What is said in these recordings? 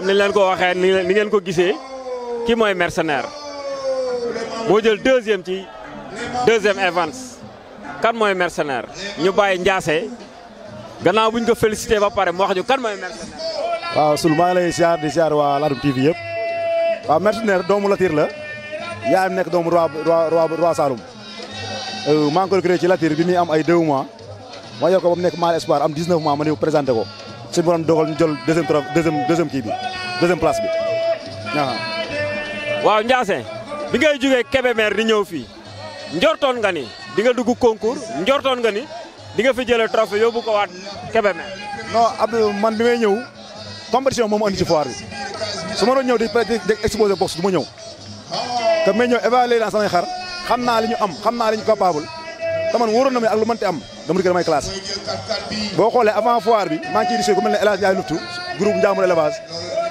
comme ni leen ko waxee ni ngeen ko gisee kii mooy mercenaire moo jël deuxième ci deuxième avance kan mooy mercenaire ñu bàyyi Ndiassé gannaaw buñ ko félicité ba pare mu wax kan mooy mercenaire. waaw sul maa ngi lay ziar di ziar waa Ladoum TV yëpp waaw mercenaire doomu Latir la yaayam nekk doomu roi roi roi Saloum euh, maa ngi ko bi muy am ay 2 mois ma yor ko ba mu ma présenté ko. suñu borom dogal ñu jël deuxième trop deuxième deuxième kii bi deuxième place bi waaw. waaw Ndiassé bi ngay jógee Kébémer di ñëw fii njortoon nga ni di nga dugg concours njortoon nga ni di nga fi jëlee trophée yóbbu ko waat Kébémer. non Abdou man bi may ñëw compétition moom andi ci foire bi su ma doon ñëw di di exposé box du ma ñëw te may ñëw évaluer naa xar xam naa li ñu am xam naa li ñu capable. taman wóoroon na ma ak lu mënti am dama dikkee damay boo xoolee avant foire bi maa ngi ciy risque ku mel ne El Hadj Ndiaye Luftu groupe Ndiambour élevage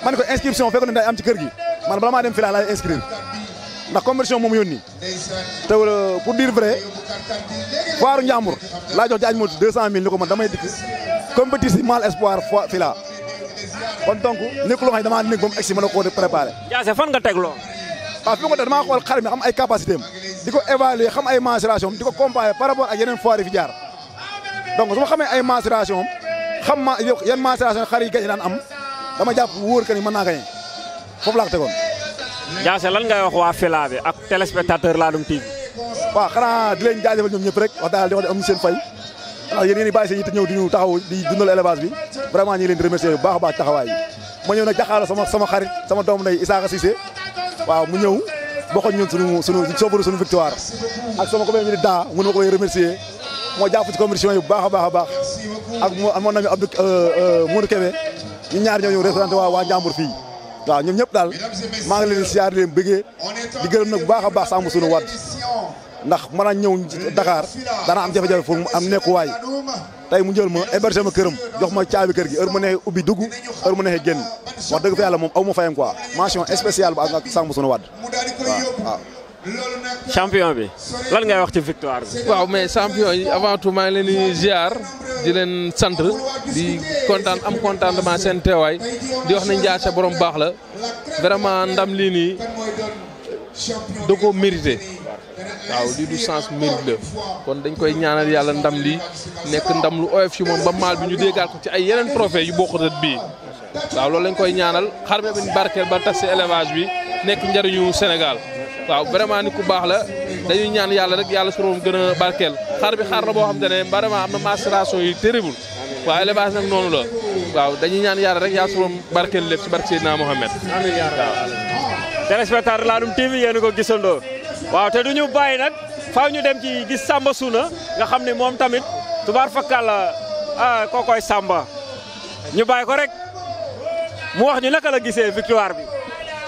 man ko inscription fekkoon ne day am ci kër gi man bala maa dem filaa laay ndax conversion moom yónni te euh, pour dire vrai foire Ndiambour laa jox jaaj motu 200000 ni ko man damay dikk compétition si mal espoir fo filaa kon donc nekk lu nga xam ne damaa nekk ba mu egg si mën koo préparé. Dia fan ga teg waaw fi mu ko def xool xar mi xam ay capacité am di ko évaluer xam ay mensuration am di ko comparer par rapport ak yeneen foire yi fi jaar donc su ma xamee ay mensuration am xam ma yan mensuration xar yi gañ daan am dama jàpp wóor que ma mën naa gañe foofu laa ko tegoon. Ndiassé lan ngay wax waa Fila bi ak téléspectateur Ladoum TV. waaw xanaa di leen jaajëfal ñoom ñëpp rek wax daal di wax ne am ñu seen fay ndax yéen yéen i bàyyi seen yitte ñëw di ñu taxaw di dundal élevage bi vraiment ñu ngi leen a baax taxawaay sama xarit sama doom nay Isaaxa waaw mu ñëw bokkoon ñun suñu suñu soobaru suñu victoire ak sama ko ñu di daa mun ma koy remercier moo jàpp ci commission yi baax a baax a baax ak mon ami Abdou euh, euh, Modou Kébé ñu ñaar ñoo ñëw représenté waa waa Njàmbur fii waaw ñoom ñëpp daal maa ngi leen di siyaar leen bëggee di gërëm nag bu baax a baax sàmm suñu wàdd ndax mën a ñëw dakaar dana am jafe-jafe pour mu am nekkuwaay tey mu jël ma héberger ma këram jox ma caabi kër gi heure mu neexee ubbi dugg heure mu neexee génn wax dëgg fa yàlla moom aw ma fayam quoi mention spéciale ak Samb Sunu Wade waaw waaw. bi lan ngay wax ci victoire bi. waaw mais champion yi avant tout maa ngi leen di ziar di leen sant di kontaan am contentement seen teewaay di wax ne Ndiaye sa borom baax la vraiment ndam lii nii da koo mérité. waaw lii du sens mérite la kon dañ koy ñaanal yàlla ndam lii nekk ndam lu oyof ci moom ba maal bi ñu déggaat ko ci ay yeneen trophée yu bokkut bii waaw loolu koy ñaanal xar bi barkeel ba tas si élevage bi nekk njëriñu Sénégal waaw vraiment ni ku baax la dañuy ñaan yàlla rek yàlla su gën a barkeel xar bi xar la boo xam te ne vraiment am na macération yu terrible waaw élevage nag noonu la waaw dañuy ñaan yàlla rek yàlla su barkeel lépp ci barke Seydina Mohamed. amiin yaa rabbal aalamiin téléspectateur Ladoum a waaw te du ñu bàyyi nag faaw ñu dem ci gis Samba suna nga xam ne moom tamit tubaar fakkal a ah, kookoy Samba ñu bàyyi ko rek mu wax ñu naka la gisee victoire bi.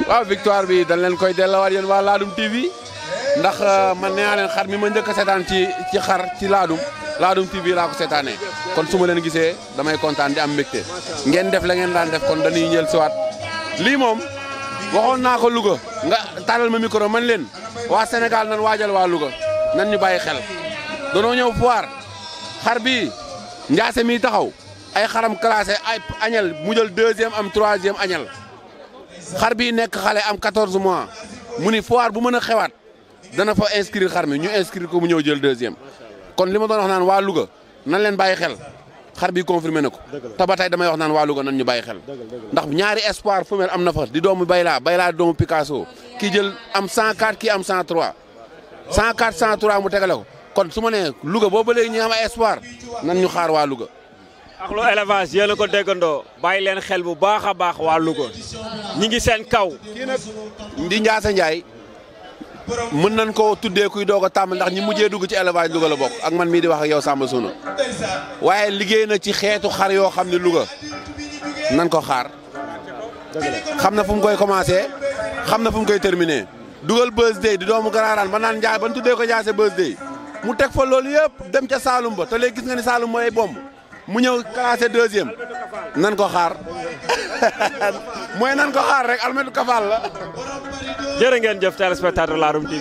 waaw victoire bi dañ leen koy delluwaat yéen waa Laadum TV ndax euh, man nee naa leen xar mi ma njëkk a seetaan ci ci xar ci Laadum Laadum TV laa ko seetaanee kon su ma leen gisee damay kontaan di am mbégte ngeen def la ngeen daan def kon dañuy ñël siwaat lii moom. waxoon naa ko Louga nga taalal ma micro man leen waa Sénégal nan waajal waa Louga nan ñu bàyyi xel danoo ñëw foire xar bi njaase mii taxaw ay xaram classé ay añel mu jël deuxième am troisième añel xar bii nekk xale am 14 mois mu ni foire bu mën a xewaat dana fa inscrire xar mi ñu inscrire ko mu ñëw jël deuxième kon li ma doon wax waa Louga nan leen bàyyi xel xar bi confirmé na ko te ba tey damay wax naan waa Louga nan ñu bàyyi xel ndax ñaari espoir femelle am na fa di doomu Bayla Bayla doomu Picasso kii jël am 104 kii am 103 104 103 mu tegale ko kon su ma nee Louga boobu ba léegi ñu am ay espoir nan ñu xaar waa Louga ak lu élevage a ko déggandoo bàyyi xel bu baax a baax waa Louga ñi ngi kaw di Ndiassa mën nañ ko tuddee kuy doog a tàmbali ndax ñi mujjee dugg ci élevage Louga la bokk ak man mii di wax ak yow Samba waaye liggéey na ci xeetu xar yoo xam ne luga nan ko xaar xam na fu mu koy commencé xam na fu koy terminé dugal birthday di doomu garaaraan ba naan njaay ban tuddee ko jaase birthday mu teg fo loolu yëpp dem ca Saalum ba te léegi gis nga ni Saalum mooy bomb mu ñëw classé deuxième nan ko xaar mooy nan ko xaar rek almetu kafaal la jërë ngeen jëf téléspectateur Ladoum TV